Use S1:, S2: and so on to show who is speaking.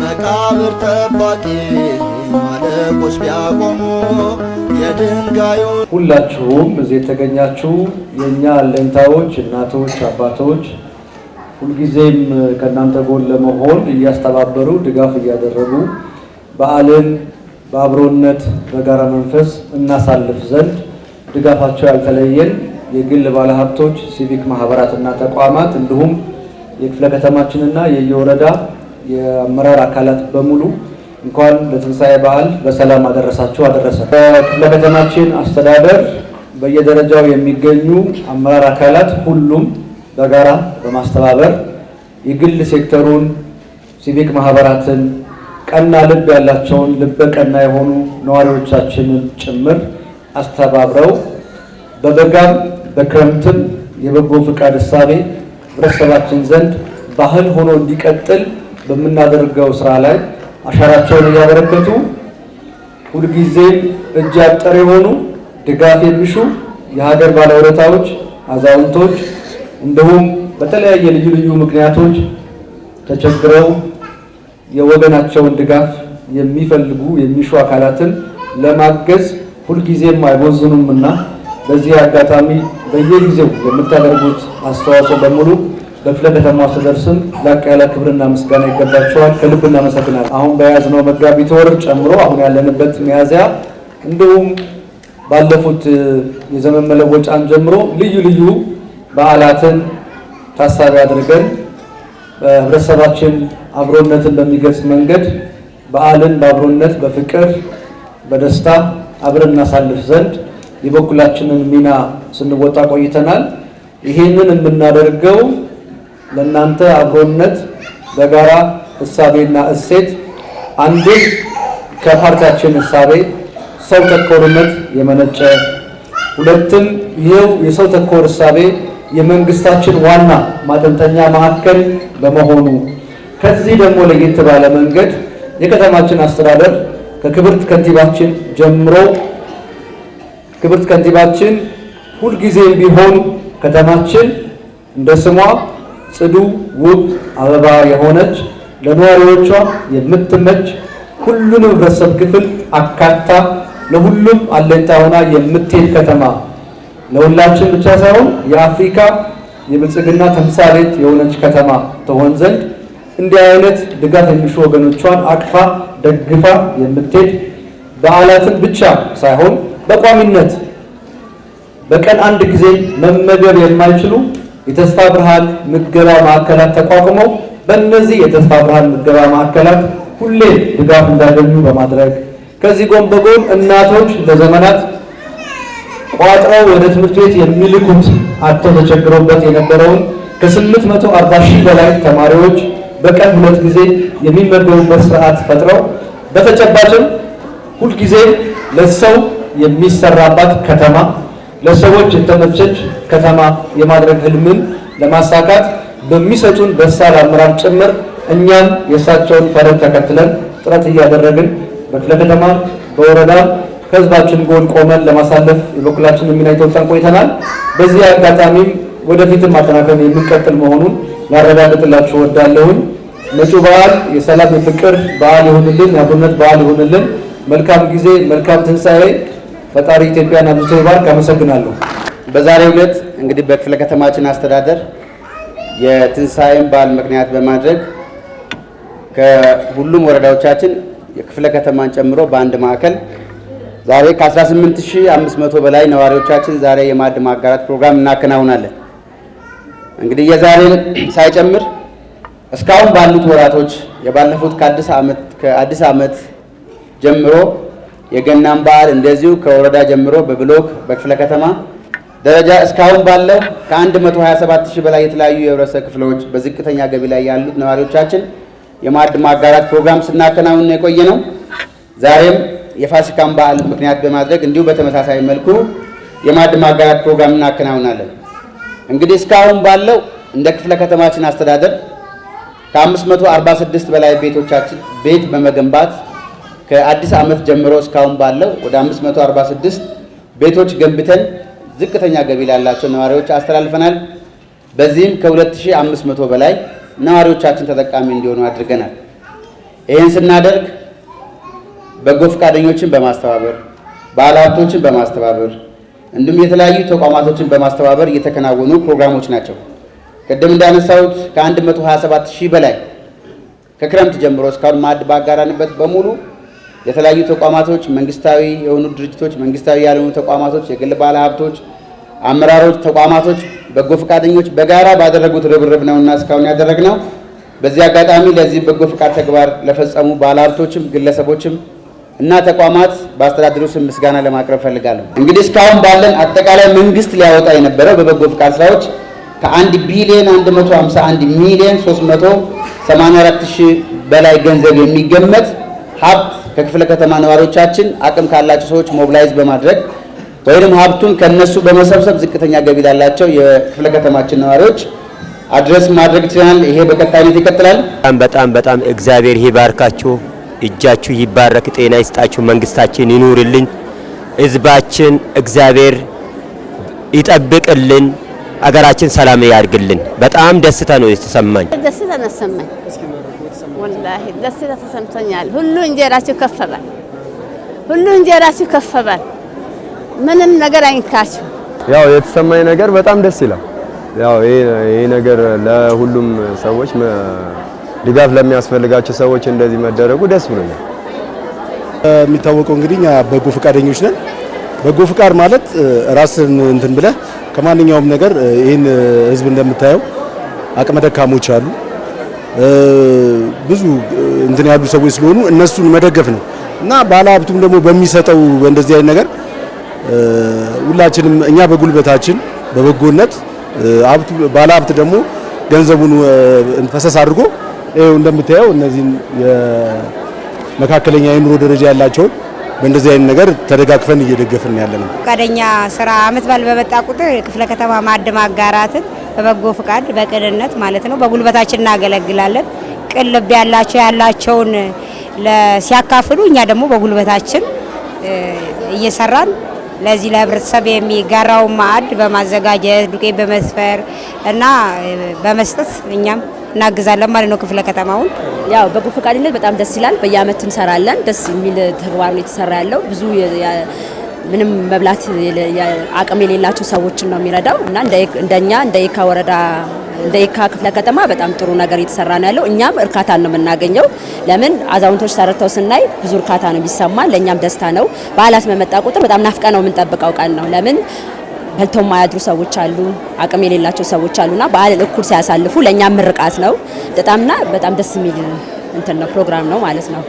S1: መቃብር ጠባቂ ማለቆች ቢያቆሙ የድንጋዩ ሁላችሁም እዚህ የተገኛችሁ የእኛ አለኝታዎች፣ እናቶች፣ አባቶች ሁልጊዜም ከእናንተ ጎን ለመሆን እያስተባበሩ ድጋፍ እያደረጉ በዓልን በአብሮነት በጋራ መንፈስ እናሳልፍ ዘንድ ድጋፋቸው ያልተለየን የግል ባለሀብቶች፣ ሲቪክ ማህበራትና ተቋማት እንዲሁም የክፍለ ከተማችንና የየወረዳ የአመራር አካላት በሙሉ እንኳን ለትንሣኤ በዓል በሰላም አደረሳችሁ አደረሰ። በክፍለ ከተማችን አስተዳደር በየደረጃው የሚገኙ አመራር አካላት ሁሉም በጋራ በማስተባበር የግል ሴክተሩን፣ ሲቪክ ማህበራትን፣ ቀና ልብ ያላቸውን ልበ ቀና የሆኑ ነዋሪዎቻችንን ጭምር አስተባብረው በበጋም በክረምትም የበጎ ፍቃድ እሳቤ ህብረተሰባችን ዘንድ ባህል ሆኖ እንዲቀጥል በምናደርገው ስራ ላይ አሻራቸውን እያበረከቱ ሁልጊዜም እጅ አጠር የሆኑ ድጋፍ የሚሹ የሀገር ባለውለታዎች፣ አዛውንቶች እንዲሁም በተለያየ ልዩ ልዩ ምክንያቶች ተቸግረው የወገናቸውን ድጋፍ የሚፈልጉ የሚሹ አካላትን ለማገዝ ሁልጊዜም አይቦዝኑምና በዚህ አጋጣሚ በየጊዜው የምታደርጉት አስተዋጽኦ በሙሉ በክፍለ ከተማው አስተዳደር ስም ላቅ ያለ ክብርና ምስጋና ይገባቸዋል። ከልብ እናመሰግናል። አሁን በያዝነው መጋቢት ወር ጨምሮ አሁን ያለንበት ሚያዝያ እንዲሁም ባለፉት የዘመን መለወጫን ጀምሮ ልዩ ልዩ በዓላትን ታሳቢ አድርገን በህብረተሰባችን አብሮነትን በሚገልጽ መንገድ በዓልን በአብሮነት፣ በፍቅር፣ በደስታ አብረን እናሳልፍ ዘንድ የበኩላችንን ሚና ስንወጣ ቆይተናል። ይሄንን የምናደርገው ለእናንተ አብሮነት በጋራ እሳቤና እሴት አንዴ ከፓርቲያችን እሳቤ ሰው ተኮርነት የመነጨ ሁለትም ይኸው የሰው ተኮር እሳቤ የመንግስታችን ዋና ማጠንጠኛ ማዕከል በመሆኑ ከዚህ ደግሞ ለየት ባለ መንገድ የከተማችን አስተዳደር ከክብርት ከንቲባችን ጀምሮ ክብርት ከንቲባችን ሁልጊዜም ቢሆን ከተማችን እንደ ስሟ ጽዱ፣ ውብ፣ አበባ የሆነች ለነዋሪዎቿ የምትመች ሁሉን ህብረተሰብ ክፍል አካታ ለሁሉም አለኝታ ሆና የምትሄድ ከተማ ለሁላችን ብቻ ሳይሆን የአፍሪካ የብልጽግና ተምሳሌት የሆነች ከተማ ትሆን ዘንድ እንዲህ አይነት ድጋፍ የሚሹ ወገኖቿን አቅፋ ደግፋ የምትሄድ በዓላትን ብቻ ሳይሆን በቋሚነት በቀን አንድ ጊዜ መመገብ የማይችሉ የተስፋ ብርሃን ምገባ ማዕከላት ተቋቁመው በእነዚህ የተስፋ ብርሃን ምገባ ማዕከላት ሁሌ ድጋፍ እንዳገኙ በማድረግ ከዚህ ጎን በጎን እናቶች ለዘመናት ቋጥረው ወደ ትምህርት ቤት የሚልኩት አጥተው ተቸግረውበት የነበረውን ከ840 ሺህ በላይ ተማሪዎች በቀን ሁለት ጊዜ የሚመገቡበት ስርዓት ፈጥረው በተጨባጭም ሁልጊዜ ለሰው የሚሰራባት ከተማ፣ ለሰዎች የተመቸች ከተማ የማድረግ ህልምን ለማሳካት በሚሰጡን በሳል አመራር ጭምር እኛም የእሳቸውን ፈለግ ተከትለን ጥረት እያደረግን በክፍለ ከተማ በወረዳ ከህዝባችን ጎን ቆመን ለማሳለፍ የበኩላችን የሚና የተወጣን ቆይተናል። በዚህ አጋጣሚም ወደፊትም ማጠናከር የሚቀጥል መሆኑን ላረጋግጥላችሁ ወዳለሁኝ። መጪው በዓል የሰላም የፍቅር በዓል ይሁንልን፣ የአብሮነት በዓል ይሁንልን። መልካም ጊዜ፣ መልካም ትንሣኤ ፈጣሪ ኢትዮጵያን አብዝቶ ይባርክ። አመሰግናለሁ። በዛሬው ዕለት እንግዲህ በክፍለ ከተማችን አስተዳደር የትንሣኤን በዓል ምክንያት በማድረግ ከሁሉም ወረዳዎቻችን የክፍለ ከተማን ጨምሮ በአንድ ማዕከል ዛሬ ከ18500 በላይ ነዋሪዎቻችን ዛሬ የማዕድ ማጋራት ፕሮግራም እናከናውናለን። እንግዲህ የዛሬን ሳይጨምር እስካሁን ባሉት ወራቶች የባለፉት ከአዲስ ዓመት ጀምሮ የገናን በዓል እንደዚሁ ከወረዳ ጀምሮ በብሎክ በክፍለ ከተማ ደረጃ እስካሁን ባለው ከ127 ሺህ በላይ የተለያዩ የህብረተሰብ ክፍሎች በዝቅተኛ ገቢ ላይ ያሉት ነዋሪዎቻችን የማዕድ ማጋራት ፕሮግራም ስናከናውን የቆየ ነው። ዛሬም የፋሲካን በዓል ምክንያት በማድረግ እንዲሁ በተመሳሳይ መልኩ የማዕድ ማጋራት ፕሮግራም እናከናውናለን። እንግዲህ እስካሁን ባለው እንደ ክፍለ ከተማችን አስተዳደር ከ546 በላይ ቤቶቻችን ቤት በመገንባት ከአዲስ ዓመት ጀምሮ እስካሁን ባለው ወደ 546 ቤቶች ገንብተን ዝቅተኛ ገቢ ላላቸው ነዋሪዎች አስተላልፈናል። በዚህም ከ2500 በላይ ነዋሪዎቻችን ተጠቃሚ እንዲሆኑ አድርገናል። ይህን ስናደርግ በጎ ፈቃደኞችን በማስተባበር ባለሀብቶችን በማስተባበር እንዲሁም የተለያዩ ተቋማቶችን በማስተባበር እየተከናወኑ ፕሮግራሞች ናቸው። ቅድም እንዳነሳሁት ከ127 ሺህ በላይ ከክረምት ጀምሮ እስካሁን ማዕድ ባጋራንበት በሙሉ የተለያዩ ተቋማቶች፣ መንግስታዊ የሆኑ ድርጅቶች፣ መንግስታዊ ያልሆኑ ተቋማቶች፣ የግል ባለ ሀብቶች፣ አመራሮች፣ ተቋማቶች፣ በጎ ፈቃደኞች በጋራ ባደረጉት ርብርብ እና እስካሁን ያደረግነው። በዚህ አጋጣሚ ለዚህ በጎ ፈቃድ ተግባር ለፈጸሙ ባለሀብቶችም ግለሰቦችም እና ተቋማት በአስተዳደሩ ስም ምስጋና ለማቅረብ ፈልጋለሁ። እንግዲህ እስካሁን ባለን አጠቃላይ መንግስት ሊያወጣ የነበረው በበጎ ፍቃድ ስራዎች ከ1 ቢሊዮን 151 ሚሊዮን 384 ሺህ በላይ ገንዘብ የሚገመት ሀብት ከክፍለ ከተማ ነዋሪዎቻችን አቅም ካላቸው ሰዎች ሞብላይዝ በማድረግ ወይም ሀብቱን ከነሱ በመሰብሰብ ዝቅተኛ ገቢ ላላቸው የክፍለ ከተማችን ነዋሪዎች አድረስ ማድረግ ይችላል። ይሄ በቀጣይነት ይቀጥላል።
S2: በጣም በጣም እግዚአብሔር ይባርካችሁ፣ እጃችሁ ይባረክ፣ ጤና ይስጣችሁ፣ መንግስታችን ይኑርልን፣ ህዝባችን እግዚአብሔር ይጠብቅልን፣ አገራችን ሰላም ያድርግልን። በጣም ደስታ ነው የተሰማኝ።
S3: ደስታ ነው የተሰማኝ። ወላሂ ደስታ ተሰምቶኛል። ሁሉ እንጀራችሁ ከፈባል፣ ሁሉ እንጀራችሁ ከፈባል። ምንም ነገር አይንካችሁ።
S1: ያው የተሰማኝ ነገር በጣም ደስ ይላል። ያው ይሄ ነገር ለሁሉም ሰዎች ድጋፍ ለሚያስፈልጋቸው ሰዎች እንደዚህ መደረጉ ደስ ብሎኛል። የሚታወቀው እንግዲህ እኛ በጎ ፈቃደኞች ነን። በጎ ፍቃድ ማለት ራስን እንትን ብለህ ከማንኛውም ነገር ይህን ህዝብ እንደምታየው አቅመ ደካሞች አሉ ብዙ እንትን ያሉ ሰዎች ስለሆኑ እነሱን መደገፍ ነው እና ባለሀብቱም ደግሞ በሚሰጠው እንደዚህ አይነት ነገር ሁላችንም እኛ በጉልበታችን በበጎነት ሀብቱ ባለሀብት ደግሞ ገንዘቡን ፈሰስ አድርጎ ይኸው እንደምታየው እነዚህን የመካከለኛ የኑሮ ደረጃ ያላቸውን በእንደዚህ አይነት ነገር ተደጋግፈን እየደገፍን ያለ ነው።
S3: ፈቃደኛ ስራ አመት ባል በመጣ ቁጥር ክፍለ ከተማ ማዕድ ማጋራትን በበጎ ፍቃድ በቅንነት ማለት ነው በጉልበታችን እናገለግላለን። ቅን ልብ ያላቸው ያላቸውን ሲያካፍሉ፣ እኛ ደግሞ በጉልበታችን እየሰራን ለዚህ ለህብረተሰብ የሚጋራውን ማዕድ በማዘጋጀት ዱቄት በመስፈር እና በመስጠት እኛም እናግዛለን ማለት ነው። ክፍለ ከተማውን
S4: ያው በጎ ፈቃደኝነት በጣም ደስ ይላል። በየአመት እንሰራለን። ደስ የሚል ተግባር ነው የተሰራ ያለው ብዙ ምንም መብላት አቅም የሌላቸው ሰዎችን ነው የሚረዳው እና እንደኛ እንደ የካ ወረዳ እንደ የካ ክፍለ ከተማ በጣም ጥሩ ነገር እየተሰራ ነው ያለው። እኛም እርካታ ነው የምናገኘው። ለምን አዛውንቶች ተረድተው ስናይ ብዙ እርካታ ነው የሚሰማን፣ ለእኛም ደስታ ነው። በዓላት በመጣ ቁጥር በጣም ናፍቀ ነው የምንጠብቀው ቀን ነው። ለምን በልተው ማያድሩ ሰዎች አሉ፣ አቅም የሌላቸው ሰዎች አሉና በዓልን እኩል ሲያሳልፉ ለእኛም ምርቃት ነው። በጣምና በጣም ደስ የሚል እንትን ነው ፕሮግራም ነው ማለት ነው።